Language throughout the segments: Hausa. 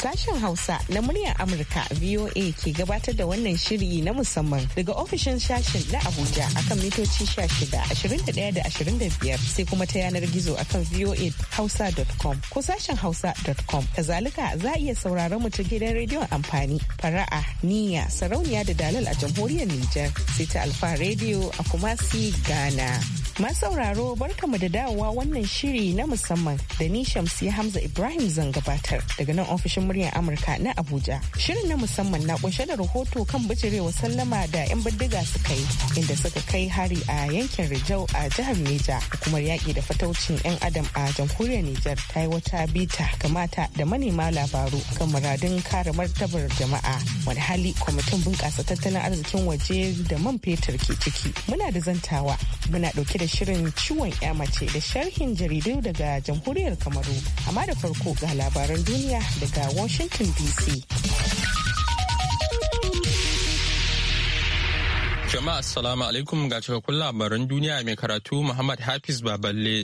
Sashen Hausa na muryar Amurka VOA ke gabatar da wannan shiri na musamman daga ofishin sashen na Abuja akan mitoci 16, da 25 sai kuma ta yanar gizo akan voahausa.com ko sashen hausa.com. Kazalika za a iya sauraron mu ta gidan rediyon amfani fara'a niyya sarauniya da dalal a jamhuriyar Nijar sai ta Alfa Radio a Kumasi Ghana. Masauraro barkamu da dawowa wannan shiri na musamman da ni Shamsi Hamza Ibrahim zan gabatar daga nan ofishin muryar Amurka na Abuja. Shirin na musamman na kunshe da rahoto kan bijirewa sallama da 'yan bindiga suka yi inda suka kai hari a yankin Rijau a jihar Neja hukumar yaƙi da fataucin 'yan adam a jamhuriyar Nijar ta yi wata bita ga mata da manema labaru kan muradun kare martabar jama'a wani hali kwamitin bunƙasa tattalin arzikin waje da man fetur ke ciki. Muna da zantawa muna ɗauke da shirin ciwon ya mace da sharhin jaridu daga jamhuriyar kamaru amma da farko ga labaran duniya daga washington dc jama'a assalamu alaikum ga cikakkun labaran duniya mai karatu muhammad hafiz baballe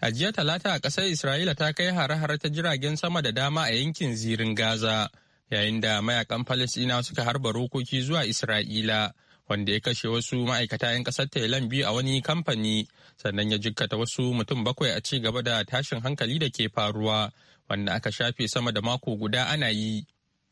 a jiya talata a ƙasar isra'ila ta kai hare-hare ta jiragen sama da dama a yankin zirin gaza yayin da mayakan palestina suka harba rokoki zuwa isra'ila wanda ya kashe wasu ma'aikata 'yan ƙasar Thailand biyu a wani kamfani sannan ya jikkata wasu mutum bakwai a ci gaba da tashin hankali da ke faruwa wanda aka shafe sama da mako guda ana yi.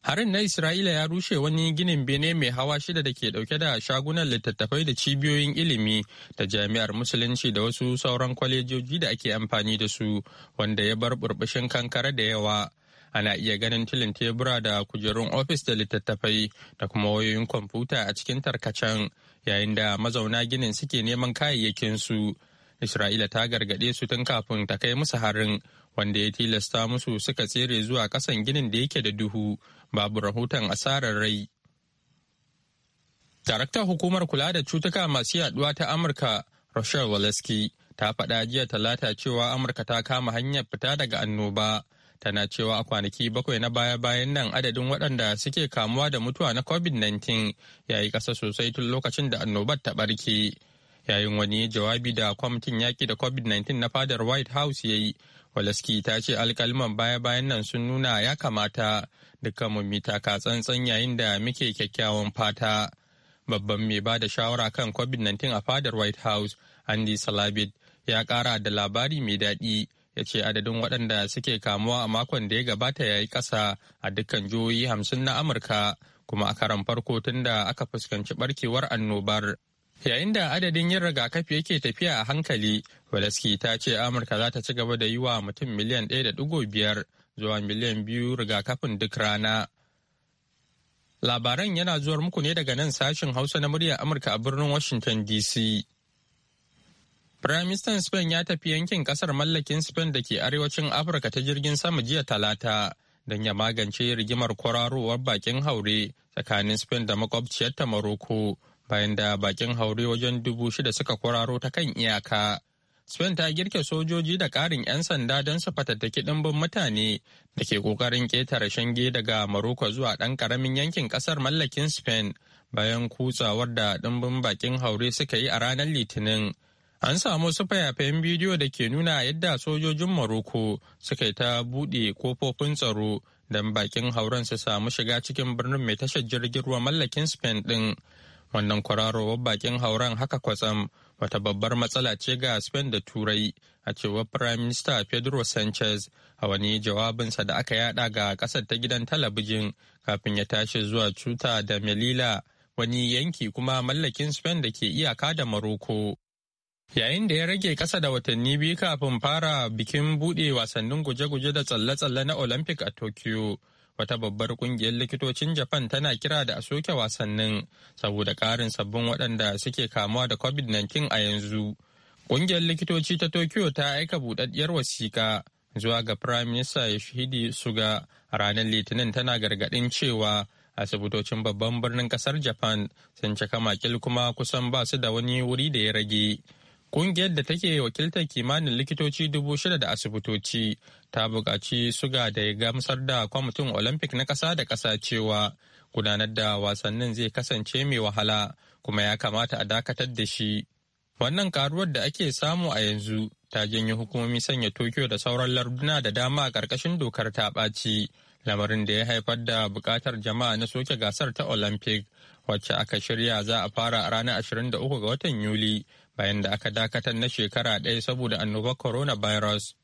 Harin na Isra'ila ya rushe wani ginin bene mai hawa shida da ke dauke da shagunan littattafai da cibiyoyin ilimi da jami'ar musulunci da wasu sauran kwalejoji da ake amfani da su wanda ya bar burbushin kankara da yawa. ana iya ganin tilin tebura da kujerun ofis da littattafai da kuma wayoyin kwamfuta a cikin tarkacen yayin da mazauna ginin suke neman kayayyakin su isra'ila ta gargaɗe su tun kafin ta kai musu harin wanda ya tilasta musu suka tsere zuwa ƙasan ginin da yake da duhu babu rahoton asarar rai daraktan hukumar kula da cutuka masu yaduwa ta amurka rochelle waleski ta faɗa jiya talata cewa amurka ta kama hanyar fita daga annoba tana cewa a kwanaki bakwai na baya-bayan nan adadin waɗanda suke kamuwa da mutuwa na covid-19 ya yi ƙasa sosai tun lokacin da annobar ta ɓarke yayin wani jawabi da kwamitin yaƙi da covid-19 na fadar white house ya yi walaski ta ce alkalman baya-bayan nan sun nuna ya kamata dukkan mu taka tsantsan yayin da muke kyakkyawan fata babban mai ba da shawara kan covid-19 a fadar white house andy salabit ya kara da labari mai daɗi ya ce adadin waɗanda suke kamuwa a makon da ya gabata ya yi ƙasa a dukkan jihohi hamsin na amurka kuma a karan farko tun da aka fuskanci barkewar annobar yayin da adadin yin rigakafi yake tafiya a hankali walaski ta ce amurka za ta ci gaba da yi wa mutum miliyan ɗaya da ɗigo biyar zuwa miliyan biyu rigakafin duk rana labaran yana zuwar muku ne daga nan sashin hausa na muryar amurka a birnin washington dc Firaministan Spain ya tafi yankin kasar mallakin Spain da ke arewacin Afirka ta jirgin sama jiya talata don ya magance rigimar kwararowar bakin haure tsakanin Spain da makwabciyarta maroko bayan da bakin haure wajen dubu shida suka kwararo ta kan iyaka. Spain ta girke sojoji da ƙarin 'yan sanda don su fatattaki ɗimbin mutane da ke ƙoƙarin ƙetare shange daga maroko zuwa ɗan karamin yankin ƙasar mallakin Spain bayan kutsawar da ɗimbin bakin haure suka yi a ranar Litinin. An samu wasu fayafayen bidiyo da ke nuna yadda sojojin Maroko suka yi ta buɗe kofofin tsaro don bakin hauren su samu shiga cikin birnin mai tashar jirgin ruwa mallakin Spain ɗin. Wannan kwararowar bakin hauren haka kwatsam wata babbar matsala ce ga Spain da Turai a cewar Prime Minister Pedro Sanchez a wani jawabinsa da aka yada ga ƙasar ta gidan talabijin kafin ya tashi zuwa Cuta da Melilla wani yanki kuma mallakin Spain da ke iyaka da Maroko. Yayin da ya rage kasa da watanni biyu kafin fara bikin buɗe wasannin guje-guje da tsalle-tsalle na Olympic a Tokyo, wata babbar kungiyar likitocin Japan tana kira da a soke wasannin saboda ƙarin sabbin waɗanda suke kamuwa da COVID-19 a yanzu. Kungiyar likitoci ta Tokyo ta aika buɗaɗɗiyar wasiƙa zuwa ga Prime Minister Yoshihide Suga ranar Litinin tana gargaɗin cewa asibitocin babban birnin ƙasar Japan sun cika makil kuma kusan ba su da wani wuri da ya rage. Ƙungiyar da take wakiltar kimanin likitoci dubu shida da asibitoci ta buƙaci suga da ya gamsar da kwamitin Olympic na ƙasa da ƙasa cewa gudanar da wasannin zai kasance mai wahala kuma ya kamata a dakatar da shi. Wannan karuwar da ake samu a yanzu ta janyo hukumomi sanya Tokyo da sauran larduna da dama a ƙarƙashin dokar ta ɓaci, lamarin da ya haifar da buƙatar jama'a na soke gasar ta Olympic, wacce aka shirya za a fara a ranar 23 ga watan Yuli bayan da aka dakatar na shekara ɗaya saboda annobar coronavirus.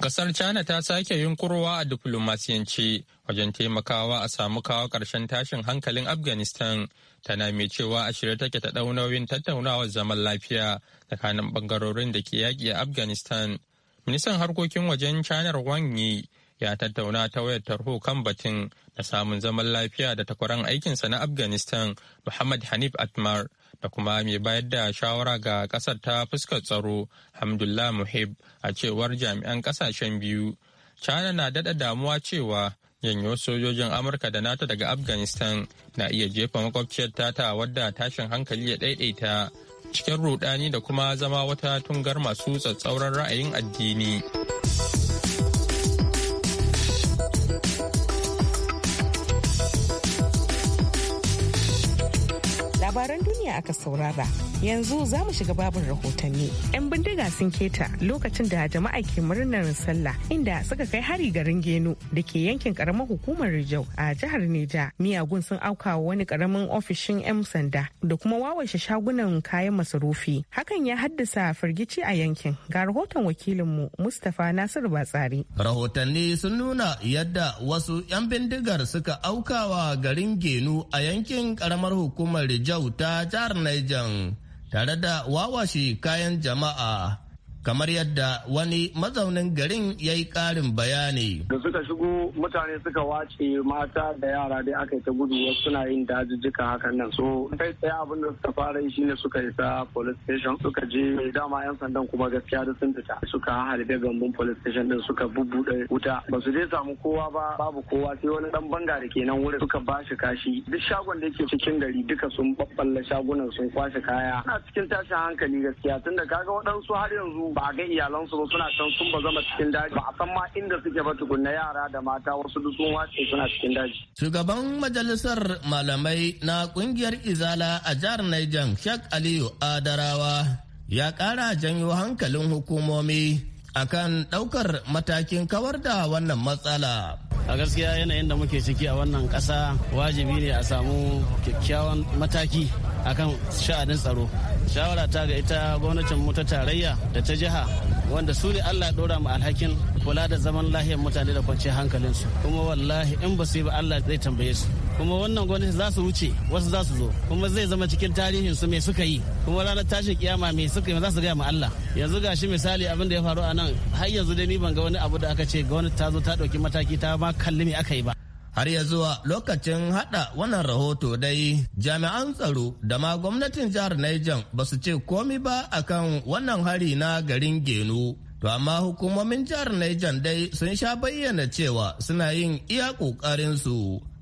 Kasar China ta sake yunkurowa a diflomasiyance wajen taimakawa a samu kawo ƙarshen tashin hankalin Afghanistan tana mai cewa a shirye take ta ɗau nauyin tattaunawar zaman lafiya tsakanin ɓangarorin da ke yaƙi a Afghanistan. Ministan harkokin wajen China Wang Yi ya tattauna ta wayar tarho kan batun da samun zaman lafiya da takwaran aikinsa na Afghanistan Muhammad Hanif Atmar da kuma mai bayar da shawara ga kasar ta fuskar tsaro hamdullah muhib a cewar jami'an kasashen biyu china na daɗa damuwa cewa janyo sojojin amurka da nato daga afghanistan na iya jefa makwabciyar tata wadda tashin hankali ya daidaita cikin rudani da kuma zama wata tungar masu tsatsauran ra'ayin addini. labaran duniya aka saurara yanzu za mu shiga babin rahotanni yan bindiga sun keta lokacin da jama'a ke murnar sallah inda suka kai hari garin genu da ke yankin karamar hukumar rijau a jihar neja miyagun sun auka wani karamin ofishin yan sanda da kuma wawashe shagunan kayan masarufi hakan ya haddasa firgici a yankin ga rahoton wakilinmu mustapha nasiru batsari rahotanni sun nuna yadda wasu yan bindigar suka auka wa garin genu a yankin karamar hukumar rijau Gusau ta jihar Niger tare da wawashe kayan jama'a kamar yadda wani mazaunin garin ya yi ƙarin bayani. Da suka shigo mutane suka wace mata da yara dai aka yi ta gudu wasu suna yin dajijjika hakan nan. So kai tsaye abin da suka fara yi shine suka isa police station suka je mai dama yan sandan kuma gaskiya da sun fita suka halibe gambun police station din suka bubbuɗe wuta ba su je samu kowa ba babu kowa sai wani dan banga da ke nan wurin suka ba shi kashi duk shagon da yake cikin gari duka sun babballa shagunan sun kwashe kaya. Ana cikin tashin hankali gaskiya tunda kaga waɗansu har yanzu ba ga iyalansu ba suna can sun zama cikin daji ba a san ma inda suke ba na yara da mata wasu duk sun wace suna cikin daji. Shugaban majalisar malamai na kungiyar Izala a jihar Niger Sheikh Aliyu Adarawa ya kara janyo hankalin hukumomi akan ɗaukar matakin kawar da wannan matsala. a gaskiya yanayin da muke ciki a wannan kasa wajibi ne a samu kyakkyawan mataki a kan sha'anin tsaro shawara ta ga ita gwamnatin mu ta tarayya da ta jiha wanda su ne allah ɗora mu alhakin kula da zaman lahiyar mutane da kwanciyar hankalinsu kuma wallahi in ba su yi ba allah zai tambaye su kuma wannan gwamnati za su wuce wasu za su zo kuma zai zama cikin tarihin su mai suka yi kuma ranar tashin kiyama mai suka yi za su gaya ma Allah yanzu gashi misali abin da ya faru a nan har yanzu dai ni ban ga wani abu da aka ce gwamnati ta zo ta ɗauki mataki ta ma kalli me aka yi ba har ya zuwa lokacin hada wannan rahoto dai jami'an tsaro da ma gwamnatin jihar Niger ba su ce komi ba akan wannan hari na garin Geno to amma hukumomin jihar Niger dai sun sha bayyana cewa suna yin iya kokarin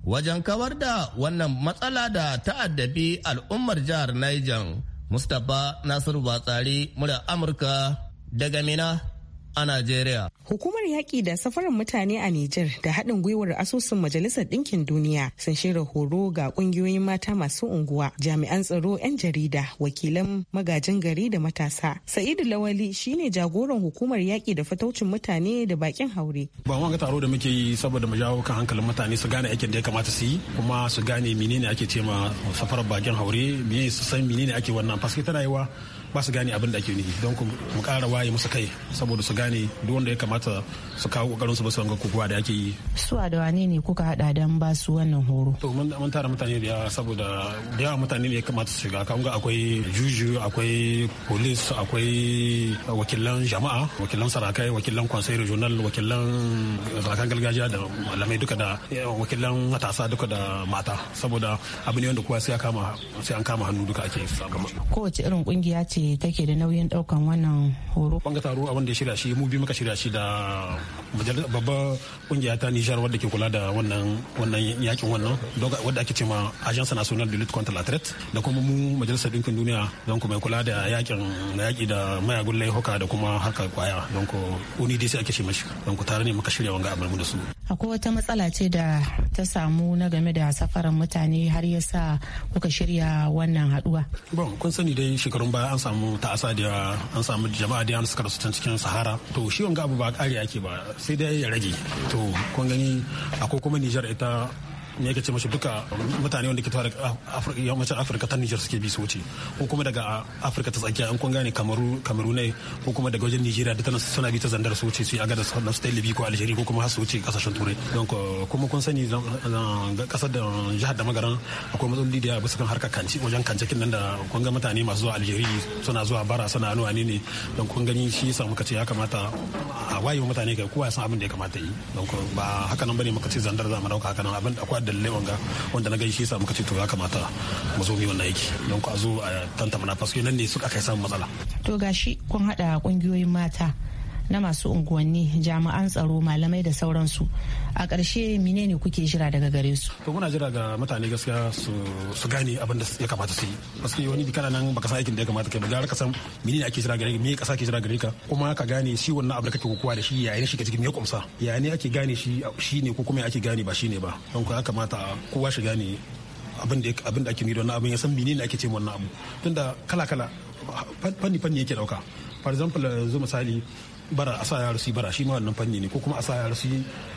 wajen kawar da wannan matsala da ta'addabi al'ummar jihar Niger. Mustapha Nasiru Batsari, murya Amurka daga Mina a Najeriya. Hukumar yaƙi da safarar mutane a Nijar da haɗin gwiwar asusun Majalisar Ɗinkin Duniya sun shirya horo ga ƙungiyoyin mata masu unguwa, jami'an tsaro, 'yan jarida, wakilan magajin gari da matasa. Sa'idu Lawali shine jagoran hukumar yaƙi da fataucin mutane da baƙin haure. Ba ga taro da muke yi saboda mu jawo kan hankalin mutane su gane aikin da ya kamata su yi kuma su gane menene ake cema safarar baƙin haure, menene su san menene ake wannan faske ta rayuwa. ba su gane abin da ake nufi don mu kara waye musu kai saboda su gane duk wanda ya kamata su kawo kokarin su ba su kokowa da ake yi. su a da wane ne kuka hada dan ba su wannan horo. to mun tara mutane da yawa saboda da yawa mutane ne ya kamata su shiga kan ga akwai juju akwai polis akwai wakilan jama'a wakilan sarakai wakilan conseil regional wakilan sarakan gargajiya da malamai duka da eh, wakilan matasa duka da mata saboda abu ne wanda kowa sai an kama hannu duka ake. kowace irin kungiya ce ce take da nauyin daukan wannan horo banga taro abin da shirya shi mu bi muka shirya shi da babbar kungiya ta Nijar wadda ke kula da wannan wannan yakin wannan wadda ake cewa Agence Nationale de Lutte contre la Traite da kuma mu majalisar dinkin duniya don mai kula da yakin na yaki da mayagun laihuka da kuma harkar kwaya don ko UNIDC ake ce mashi don ku tare ne muka shirya wanga abin da su akwai wata matsala ce da ta samu na game da safaran mutane har yasa kuka shirya wannan haduwa bon kun sani dai shekarun baya an samu asa da an samu jama'a da suka rasu can cikin sahara to shi wanga abu ba kare ake ba sai dai ya rage to kun gani akwai kuma nijar ita ne ka ce mashi duka mutane wanda ke tawar daga yammacin afirka ta niger suke bi su wuce ko kuma daga afirka ta tsakiya an kun gane kamaru ne ko kuma daga wajen nigeria da tana suna bi ta zandar su wuce su yi agada su ta ko algeria ko kuma har su wuce kasashen turai don kuma kun sani kasar da jihar da magaran akwai matsaloli da bisa kan harkar kanci wajen kancakin nan da kun ga mutane masu zuwa algeria suna zuwa bara suna anuwa ne don kun gani shi yasa muka ce ya kamata a wayewa mutane kai kowa ya san abin da ya kamata yi don ba haka nan bane muka ce zandar za mu dauka haka nan abin akwai dalilai wanga wanda na gani shi yasa muka ce to ya kamata mu zo mu yi wannan aiki don ku a zo a tantama na fasu nan ne suka kai samun matsala to gashi kun hada kungiyoyin mata na masu unguwanni jami'an tsaro malamai da sauransu a ƙarshe mine ne kuke jira daga gare su to muna jira ga mutane gaskiya su gane abin da ya kamata su yi gaskiya wani bi kana nan baka san aikin da ya kamata kai ba gara ka san ne ake jira gare ka me kasa ke jira gare ka kuma ka gane shi wannan abu da kake kokowa da shi yayin shi ka cikin me kumsa yayin ake gane shi ne ko kuma ake gane ba shi ne ba don ka kamata kowa shi gane abin da abin da ake nido na abin ya san menene ake ce wannan abu tunda kala kala fanni fanni yake dauka for example yanzu misali bara a sa yara su bara shi ma wannan fanni ne ko kuma a sa yara su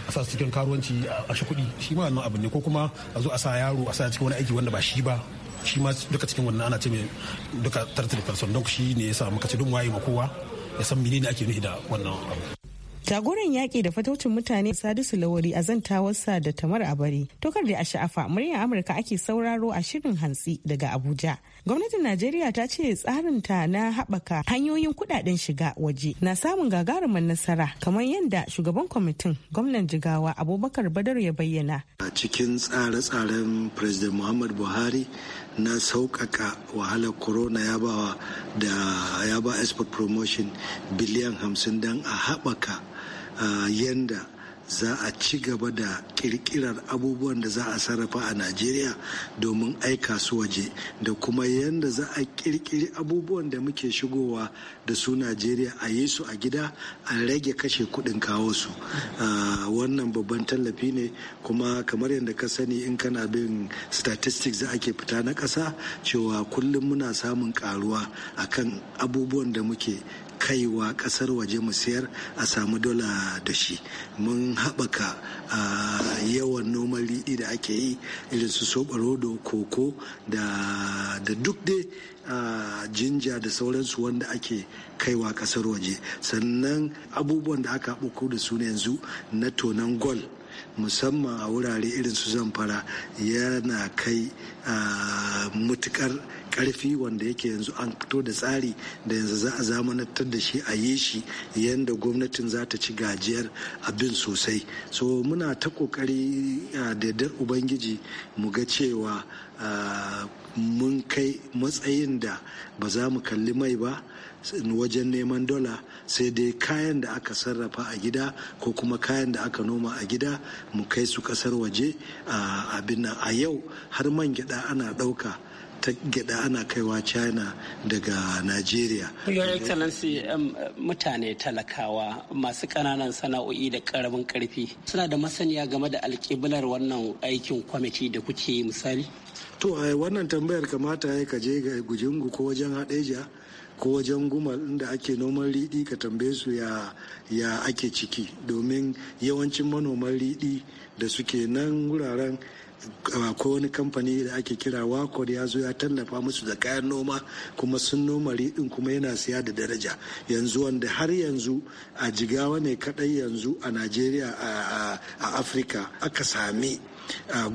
a sa cikin karuwanci a shi kuɗi shi ma wannan abu ne ko kuma a zo a sa yaro a sa cikin wani aiki wanda ba shi ba shi ma duka cikin wannan ana ce mai duka tartar person don shi ne ya sa muka ce don waye ma kowa ya san menene ake nufi da wannan abu Jagoran yaƙi da fatocin mutane Sadisu Lawari a zantawarsa da Tamar Abari. Tokar da a sha'afa muryar Amurka ake sauraro a shirin hantsi daga Abuja. Gwamnatin Najeriya ta ce tsarin ta na haɓaka hanyoyin kudaden shiga waje na samun gagarumin nasara kamar yadda shugaban kwamitin gwamnan jigawa Abubakar Badar ya bayyana. A cikin tsare-tsaren President Muhammad Buhari na sauƙaƙa wahalar corona ya ba da ya ba export promotion biliyan hamsin don a haɓaka ah, yanda za a ci gaba da kirkirar abubuwan da za a sarrafa a najeriya domin aika su waje da kuma yadda za a kirkiri abubuwan da muke shigowa da su najeriya a yi su a gida a rage kashe kudin kawo su ah, wannan babban tallafi ne kuma kamar yadda ka sani in kana bin statistics da ake fita na ƙasa cewa kullum muna samun karuwa akan abubuwan da muke kaiwa kasar waje mu sayar a samu dola da shi mun haɓaka yawan noman riɗi da ake yi irin su soɓarodo koko da duk dai jinja da sauransu wanda ake kaiwa kasar waje sannan abubuwan da aka buku da su yanzu na tonan gol musamman a wurare irin su zamfara yana kai mutukar karfi wanda yake yanzu an fito da tsari da yanzu za a zamanantar da shi a yi shi yadda gwamnatin za ta ci gajiyar abin sosai so muna ta kokari da ubangiji mu ga cewa mun kai matsayin da ba za mu kalli mai ba wajen neman dola sai dai kayan da aka sarrafa a gida ko kuma kayan da aka noma a gida mu kai su kasar waje a abin a yau har man gyada ana ɗauka ta gyada ana kaiwa china daga nigeria your excellency um, mutane talakawa masu kananan sana'o'i da karamin karfi suna da masaniya game da alkiblar wannan aikin kwamiti da kuke misali to a wannan tambayar kamata ya ka je ga gujingu ko wajen haɗeja ko wajen gumal inda ake noman riɗi ka tambaye su ya ake ciki domin yawancin manoman riɗi da suke nan wuraren ko wani kamfani da ake kira wakor ya zo ya tallafa musu da kayan noma kuma sun noma riɗin kuma yana siya da daraja yanzu wanda har yanzu a jigawa ne kaɗai yanzu a najeriya a afirka aka sami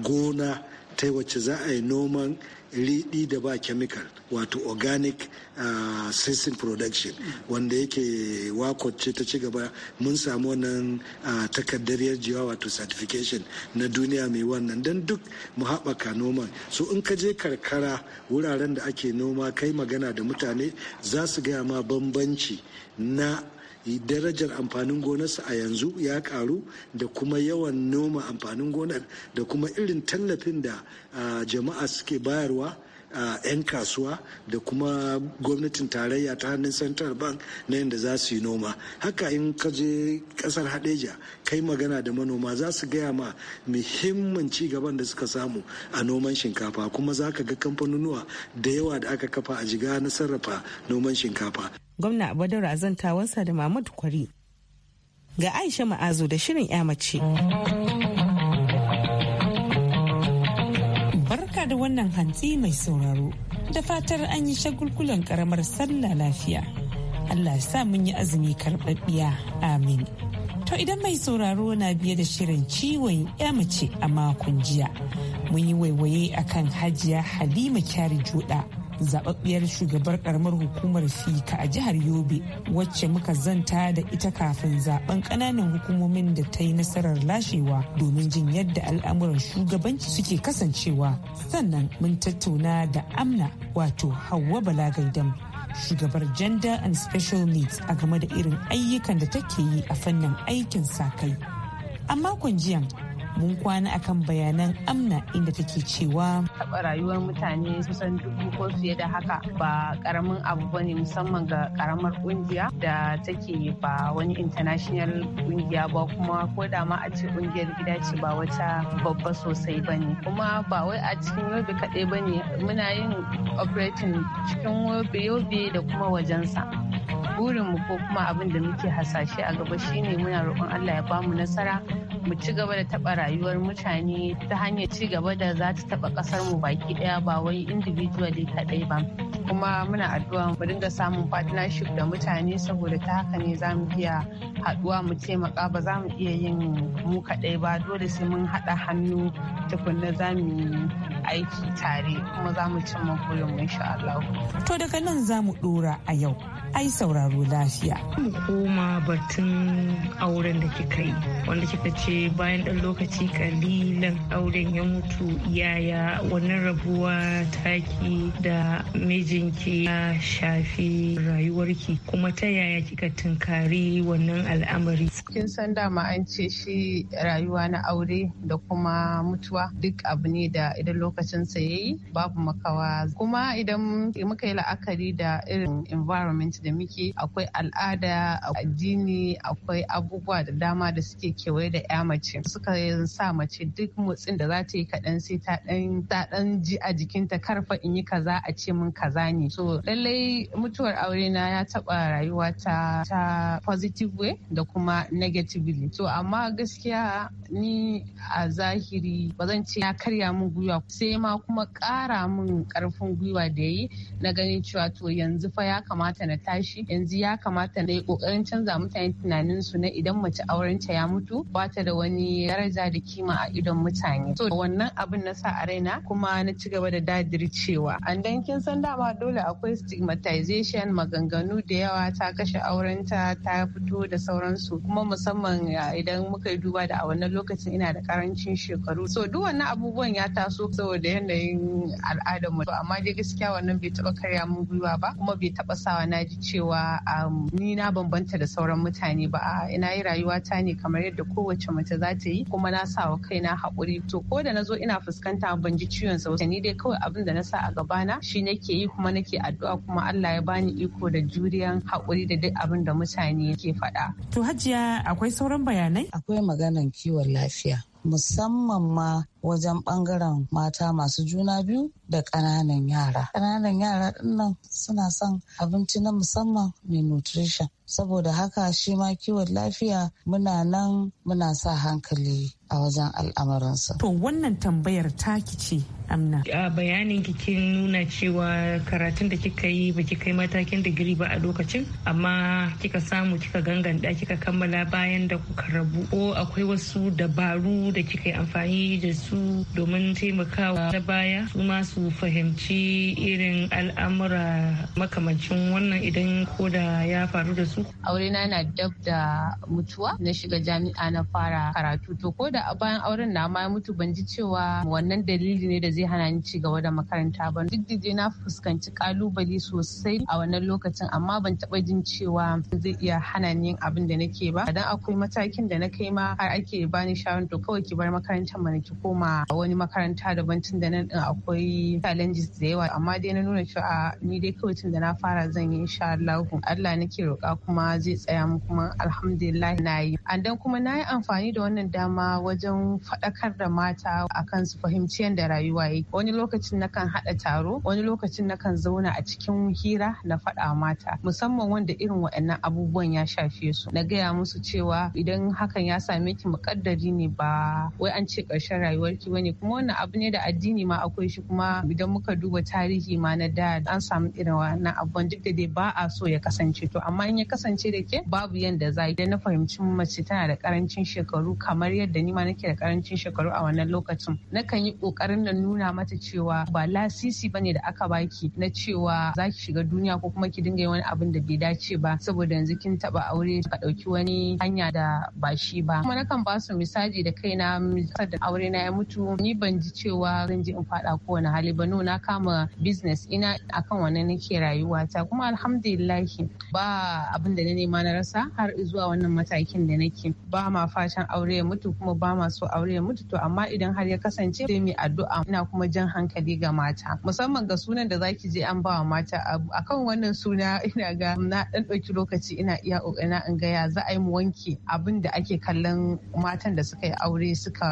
gona ta wacce za a yi noman riɗi da ba chemical wato organic uh, season production wanda yake wakwace ta ci gaba mun samu wannan uh, ah, takardar yarjewa wato certification na duniya mai wannan don duk mu haɓaka noman so in ka je karkara wuraren da ake noma kai magana da mutane za su gaya ma bambanci na darajar amfanin gonarsa a yanzu ya karu da kuma yawan noma amfanin gonar da kuma irin tallafin da ah, jama'a suke bayarwa 'yan kasuwa da kuma gwamnatin tarayya ta hannun central bank na yadda za su yi noma haka in ka je kasar hadeja kai magana da manoma za su gaya ma muhimmin ci gaban da suka samu a noman shinkafa kuma za ka ga kamfanonuwa da yawa da aka kafa a jiga na sarrafa noman shinkafa gwamna abadar wansa da mahmud kwari ga aisha ma'azu da shirin 'ya mace da wannan hantsi mai sauraro da fatar an yi shagulgulan karamar sallah lafiya allah ya sa mun yi azumi karɓaɓɓiya amin to idan mai sauraro na biye da shirin ciwon ya mace a makon jiya mun yi waiwaye akan hajiya halima kyari juɗa zababbiyar shugabar karamar hukumar fika a jihar yobe wacce muka zanta da ita kafin zaben kananan hukumomin da ta yi nasarar lashewa domin jin yadda al'amuran shugabanci suke kasancewa sannan mun tattauna da amna wato hauwa balagaidam shugabar gender and special needs a game da irin ayyukan da take yi a fannin aikin sa kai a makon jiya mun kwana akan bayanan amna inda take cewa taɓa rayuwar mutane kusan dubu ko fiye da haka ba karamin abu bane musamman ga karamar kungiya da take ba wani international kungiya ba kuma ko da ma a ce kungiyar gida ce ba wata babba sosai bane kuma ba wai a cikin yobe kaɗai bane muna yin operating cikin yobe da kuma wajensa burinmu ko kuma abin da muke hasashe a gaba shine muna roƙon Allah ya bamu nasara mu ci gaba da taɓa rayuwar mutane ta hanyar ci gaba da za ta taɓa ƙasar mu baki ɗaya ba wai individually kaɗai ba kuma muna addu'a mu dinga samun partnership da mutane saboda ta haka ne za mu iya haɗuwa mu taimaka ba za mu iya yin mu kaɗai ba dole sai mun haɗa hannu tukunna za mu yi aiki tare kuma za mu cimma mu insha Allah. To daga nan za mu ɗora a yau. ai sauraro lafiya. Mu koma batun auren da kika yi wanda kika ce bayan ɗan lokaci kalilan auren ya mutu yaya wannan rabuwa taki da mijinki ya shafi rayuwarki kuma ta yaya kika tunkari wannan al'amari. Kin san dama an ce shi rayuwa na aure da kuma mutuwa duk abu ne da idan lokacinsa ya yi babu makawa kuma idan muka yi la'akari da irin environment da muke akwai al'ada addini akwai abubuwa da dama da suke kewaye da ya mace suka sa mace duk motsin da za ta yi kaɗan sai ta ɗan ta ɗan ji a jikinta karfa in yi kaza a ce min kaza ne so lallai mutuwar aure na ya taɓa rayuwa ta ta positive way da kuma negatively So amma gaskiya ni a zahiri ba zan ce ya karya min gwiwa sai ma kuma ƙara min ƙarfin gwiwa da yi na ganin cewa to yanzu fa ya kamata na tashi yanzu ya kamata na yi kokarin canza mutane tunanin su na idan mace aurenta ya mutu ba da wani daraja da kima a idon mutane to wannan abin na sa a raina kuma na ci gaba da dadircewa an dan kin san dama dole akwai stigmatization maganganu da yawa ta kashe aurenta ta fito da sauransu kuma musamman idan muka yi duba da a wannan lokacin ina da karancin shekaru so duk wannan abubuwan ya taso saboda yanayin al'adar mu amma dai gaskiya wannan bai taba karya mun gwiwa ba kuma bai taba sawa na ji cewa um, ni na bambanta da sauran mutane ba ina yi rayuwa ta ne kamar yadda kowace mace za ta yi kuma na sa wa kaina haƙuri to ko da na zo ina fuskanta ban ji ciwon sa ni dai kawai abin da na sa a gabana shi nake yi kuma nake addu'a kuma Allah ya bani iko da juriyan haƙuri da duk abin da mutane ke faɗa. To Hajiya akwai sauran bayanai? Akwai maganan kiwon lafiya musamman ma wajen bangaren mata masu juna biyu da ƙananan yara. Ƙananan yara ɗinnan suna son abinci na musamman mai nutrition. Saboda haka shi ma kiwon lafiya muna nan muna sa hankali a wajen al'amuransa. To wannan tambayar taki ce amna. A bayanin kin nuna cewa karatun da kika yi ba kai matakin digiri ba a lokacin amma kika samu kika ganganta kika kammala bayan da kuka rabu ko akwai wasu dabaru da kika yi amfani da su su domin taimakawa na baya su ma su fahimci irin al'amura makamancin wannan idan koda ya faru da su. Aure na na dab da mutuwa na shiga jami'a na fara karatu to ko da bayan auren na ma mutu ban ji cewa wannan dalili ne da zai hana ni ci gaba da makaranta ba duk da na fuskanci kalubale sosai a wannan lokacin amma ban taba jin cewa zai iya hana ni yin abin da nake ba Idan akwai matakin da na kai ma har ake bani shawarar to kawai ki bar makarantar mana ki koma koma wani makaranta daban tun da nan din akwai challenges da yawa amma dai na nuna cewa ni dai kawai tun da na fara zan yi insha Allah Allah nake roƙa kuma zai tsaya mu kuma alhamdulillah na yi and dan kuma na yi amfani da wannan dama wajen faɗakar da mata akan su fahimci yadda rayuwa yake wani lokacin nakan haɗa taro wani lokacin nakan zauna a cikin hira na faɗa mata musamman wanda irin waɗannan abubuwan ya shafe su na gaya musu cewa idan hakan ya same ki muƙaddari ne ba wai an ce ƙarshen rayuwa warki bane kuma wannan abu ne da addini ma akwai shi kuma idan muka duba tarihi ma na da an samu irin wannan abu duk da dai ba a so ya kasance to amma in ya kasance da ke babu yanda za idan na fahimci mace tana da karancin shekaru kamar yadda ni ma nake da karancin shekaru a wannan lokacin nakan yi kokarin na nuna mata cewa ba lasisi bane da aka baki na cewa za ki shiga duniya ko kuma ki dinga yin wani abin da bai dace ba saboda yanzu kin taba aure ka dauki wani hanya da ba shi ba kuma nakan ba su misali da kaina da aure na mutu ni ban ji cewa zan ji in fada kowane hali ba no na kama business ina akan wannan nake rayuwa ta kuma alhamdulillahi ba abin da na nema na rasa har zuwa wannan matakin da nake ba ma fatan aure ya mutu kuma ba ma so aure ya mutu to amma idan har ya kasance sai mai addu'a ina kuma jan hankali ga mata musamman ga sunan da zaki je an bawa mata abu akan wannan suna ina ga na dan dauki lokaci ina iya kokana in ga ya za a yi mu wanke abin da ake kallon matan da suka yi aure suka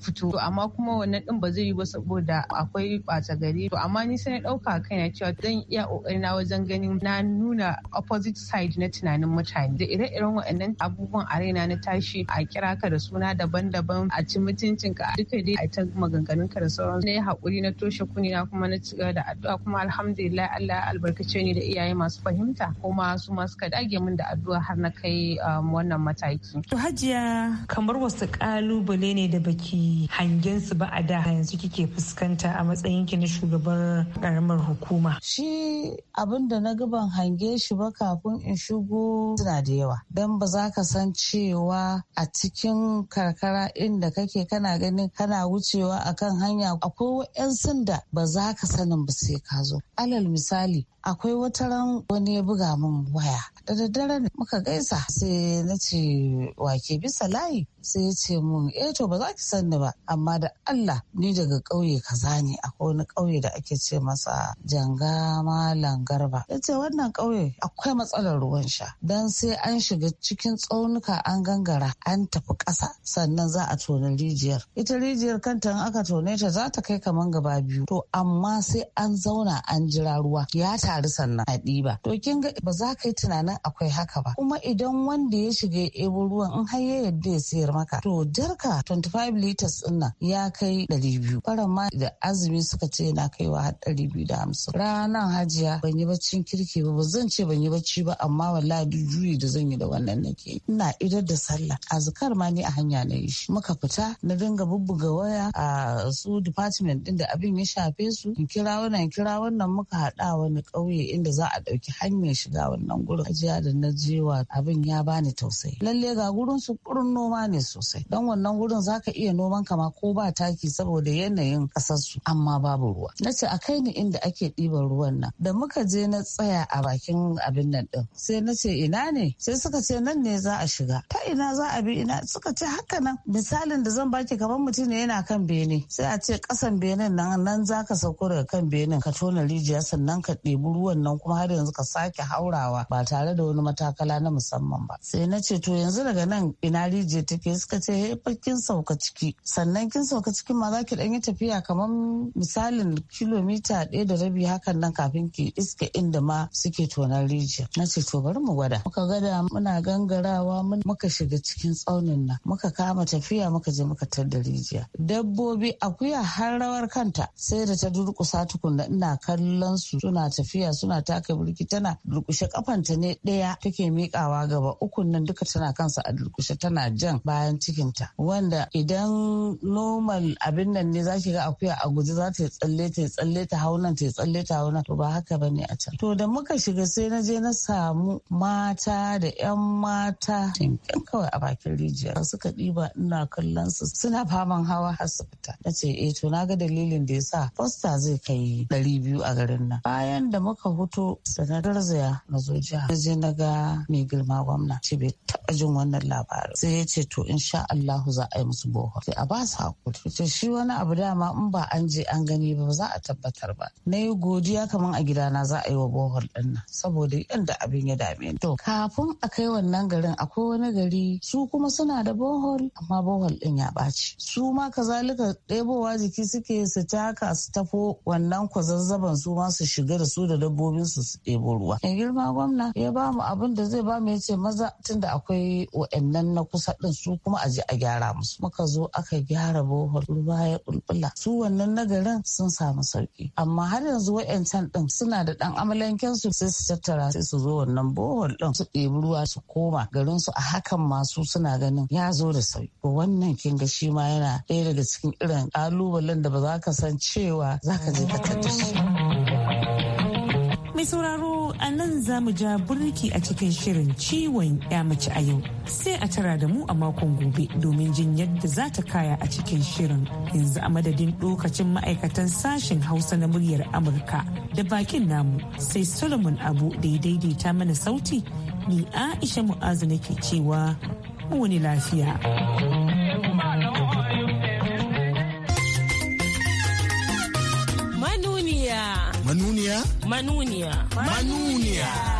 fito amma kuma wannan din ba zai yi ba saboda akwai ɓata gari to amma ni sai na ɗauka na cewa zan iya na wajen ganin na nuna opposite side na tunanin mutane da ire-iren waɗannan abubuwan a raina na tashi a kira ka da suna daban-daban a ci mutuncin ka duka dai a ta maganganun ka da sauran na yi haƙuri na toshe kuni na kuma na ci da addu'a kuma alhamdulillah Allah ya albarkace ni da iyaye masu fahimta kuma su masu suka dage min da addu'a har na kai um, wannan mataki. To Hajiya kamar wasu ƙalubale ne da baki Hanyar? hangen ba a da yanzu kike fuskanta a matsayin ki na shugaban karamar hukuma shi abin da na gaban hange shi ba kafin in shigo suna da yawa dan ba za ka san cewa a cikin karkara inda kake kana ganin kana wucewa akan hanya akwai wa'yan da ba za ka sanin ba sai ka zo alal misali akwai wata ran wani ya buga min waya da daddare ne muka gaisa sai na ce wake bisa layi sai ya ce mun eh to ba za ki sanni ba amma da Allah ni daga ƙauye kaza ne akwai wani ƙauye da ake ce masa jangama malam garba ya ce wannan ƙauye akwai matsalar ruwan sha don sai an shiga cikin tsaunuka an gangara an tafi ƙasa sannan za a tona rijiyar ita rijiyar kanta in aka tone ta za ta kai kamar gaba biyu to amma sai an zauna an jira ruwa ya taru sannan a ɗiba to kin ga ba za ka yi tunanin akwai haka ba kuma idan wanda ya shiga ebo ruwan in har ya yadda ya sayar maka to jarka 25 liters ɗin ya kai ɗari biyu faran ma da azumi suka ce na kaiwa har ɗari biyu da hamsin ranan hajiya ban yi baccin kirki ba ba zan ce ban yi bacci ba amma wallahi duk juyi da zan yi da wannan nake ina idar da sallah azkar ma ni a hanya na yi shi muka fita na dinga bubbuga waya a su department ɗin da abin ya shafe su in kira wannan kira wannan muka haɗa wani ƙauye inda za a ɗauki hanyar shiga wannan gurin hajiya da na jewa abin ya bani tausayi lalle ga gurin su gurin noma ne sosai dan wannan gurin zaka iya noman kama ko ba taki saboda yanayin kasarsu amma babu ruwa na ce a kai ni inda ake ɗiban ruwan nan da muka je na tsaya a bakin abin nan ɗin sai na ce ina ne sai suka ce nan ne za a shiga ta ina za a bi ina suka ce haka nan misalin da zan baki kamar mutum ne yana kan bene sai a ce kasan benin nan nan za ka sauko daga kan benin ka tona rijiya sannan ka ɗebi ruwan nan kuma har yanzu ka sake haurawa ba tare da wani matakala na musamman ba sai na ce to yanzu daga nan ina rijiya take suka ce he fakin sauka ciki sannan kin sauka cikin ma za ki dan yi tafiya kamar misalin kilomita ɗaya da rabi hakan nan kafin ki iska inda ma suke tonar rijiya na ce to bari mu gwada muka gada muna gangarawa muka shiga cikin tsaunin nan muka kama tafiya muka je muka tar da rijiya dabbobi akuya har rawar kanta sai da ta durƙusa tukunna ina kallon su suna tafiya suna taka birki tana durƙushe kafanta ne ɗaya take miƙawa gaba ukun nan duka tana kansa a durƙushe tana jan bayan cikinta wanda idan normal abin nan ne za ga akuya a guje za ta yi tsalle ta tsalle ta nan ta tsalle ta nan. to ba haka ba ne a can to da muka shiga sai na je na samu mata da yan mata tinkin kawai a bakin rijiyar? suka ɗiba ina kallon su suna faman hawa har su fita na ce e to na ga dalilin da ya sa fosta zai kai ɗari biyu a garin nan bayan da muka huto sanadar zaya na zo jiha na je na ga mai girma gwamna ce bai taɓa jin wannan labarin sai ya ce to insha Allahu za a yi musu boho sai a ba su sako to shi wani abu dama in ba an je an gani ba za a tabbatar ba na yi godiya kamar a gidana za a yi wa bohol din saboda yadda abin ya dame to kafin a kai wannan garin akwai wani gari su kuma suna da bohol amma bohol din ya ɓaci su ma kazalika ɗebowa jiki suke su taka su tafo wannan kwazazzaban su ma su shiga da su da dabbobin su su ɗebo ruwa in girma gwamna ya ba mu abin da zai ba mu ya ce maza tunda akwai wa'annan na kusa din su kuma a je a gyara musu muka zo aka gyara fara bohol ruwa ya bulbula su wannan nagarin sun samu sauki amma har yanzu wa'yancan din suna da ɗan amalanken su sai su tattara sai su zo wannan bohol ɗin su ɗebi ruwa su koma garin su a hakan masu suna ganin ya zo da sauki to wannan kin ga shi ma yana ɗaya daga cikin irin ƙalubalen da ba za ka san cewa za ka je ka tattashi. Mai sauraro nan za mu ja burki a cikin shirin ciwon ya mace a yau sai a tara da mu a makon gobe domin jin yadda za ta kaya a cikin shirin yanzu a madadin lokacin ma'aikatan sashen hausa na muryar amurka da bakin namu sai solomon abu da ya daidaita mana sauti ni aisha mu'azu nake cewa mu wani lafiya. Manunia. Manunia.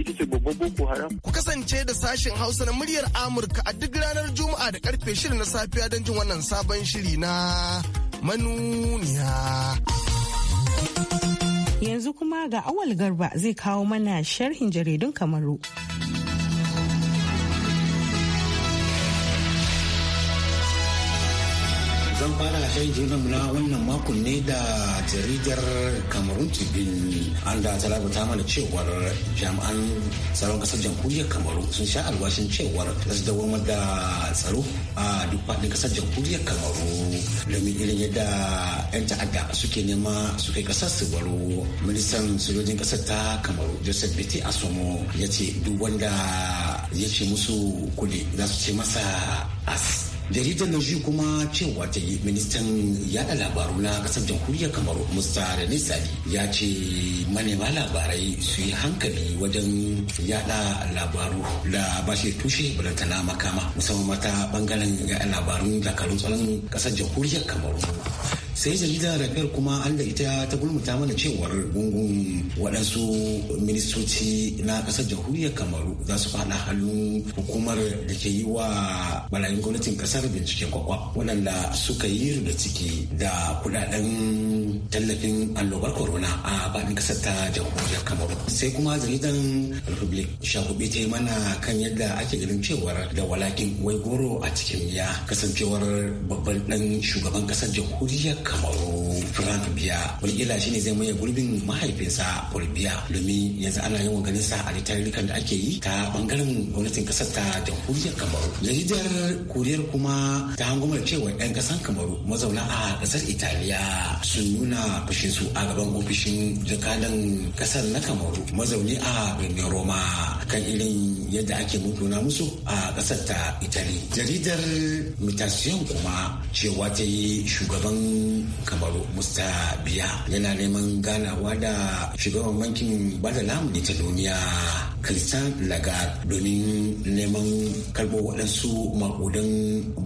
ita ce babban boko haram. Ku kasance da sashen Hausa na muryar Amurka a duk ranar Juma'a da karfe shirin na safiya don jin wannan sabon shiri na manuniya. Yanzu kuma ga awal garba zai kawo mana sharhin jaridun Kamaru. fara shan jirgin na wannan makon ne da jaridar Cameroon Tribune an da ta labuta mana cewar jami'an tsaron kasar jamhuriyar Kamaru sun sha alwashin cewar da su dawamar da tsaro a duk faɗin kasar jamhuriyar Kamaru domin irin yadda 'yan ta'adda suke nema su kai kasar su baro ministan sojojin kasar ta Kamaru Joseph Biti Asomo ya ce duk wanda ya ce musu kudi za su ce masa as jaridar Najib kuma cewa ta yi ministan yada labaru na kasar jamhuriyar kamaru musta da nisali ya ce manema labarai su yi hankali wajen yada labaru da ba shi tushe balantana makama musamman mata bangaren yada labarun dakarun tsaron kasar jamhuriyar kamaru sai jaridar rafiyar kuma an da ita ta gulmuta mana cewar gungun waɗansu ministoci na ƙasar jamhuriyar kamaru za su faɗa hannu hukumar da ke yi wa balayin gwamnatin ƙasar binciken kwakwa waɗanda suka yi da ciki da kuɗaɗen tallafin annobar corona a faɗin ƙasar ta jamhuriyar kamaru sai kuma jaridan republic shahubi ta yi mana kan yadda ake ganin cewar da walakin wai goro a cikin ya kasancewar babban ɗan shugaban ƙasar jamhuriyar kamaru frank biya wani shine zai maye gurbin mahaifinsa paul domin yanzu ana yawan ganin sa a littarukan da ake yi ta bangaren gwamnatin kasar ta jamhuriyar kamaru jaridar koriyar kuma ta hangumar cewa yan ƙasar kamaru mazauna a ƙasar italiya sun nuna fushin a gaban ofishin jakadan ƙasar na kamaru mazauni a birnin roma Kan irin yadda ake mutuna musu a ƙasar ta Italy. Jaridar Mutation kuma cewa ta yi shugaban Kamaru Musta Biya yana neman ganawa da shugaban bankin bada lamuni ta duniya Christian Lagarde domin neman kalbo waɗansu maƙudan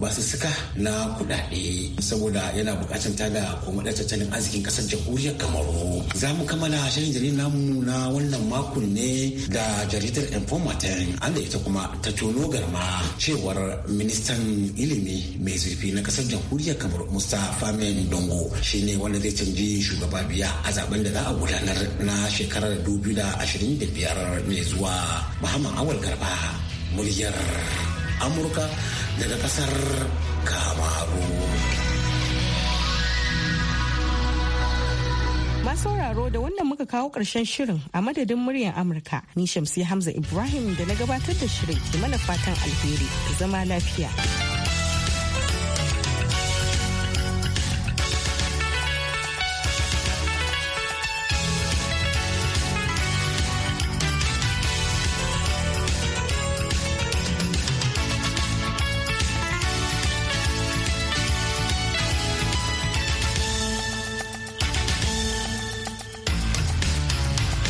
basussuka na kuɗaɗe saboda yana buƙatar da kuma da tattalin arzikin ƙasar jamhuriyar Kamaru. Za mu kammala shirin jaridar namu na wannan makon ne da jaridar informatin an ita kuma ta tono garma cewar ministan ilimi mai zurfi na kasar jamhuriyar kamar mustapha men dongo shine wanda zai canji shugaba biya a zaben da za a gudanar na shekarar 2025 mai zuwa muhammad awal garba muryar amurka daga kasar kamaru. Masu sauraro da wannan muka kawo ƙarshen shirin a madadin muryar Amurka. Ni Shamsi Hamza Ibrahim da na gabatar da shirin ke mana fatan alheri. Zama lafiya.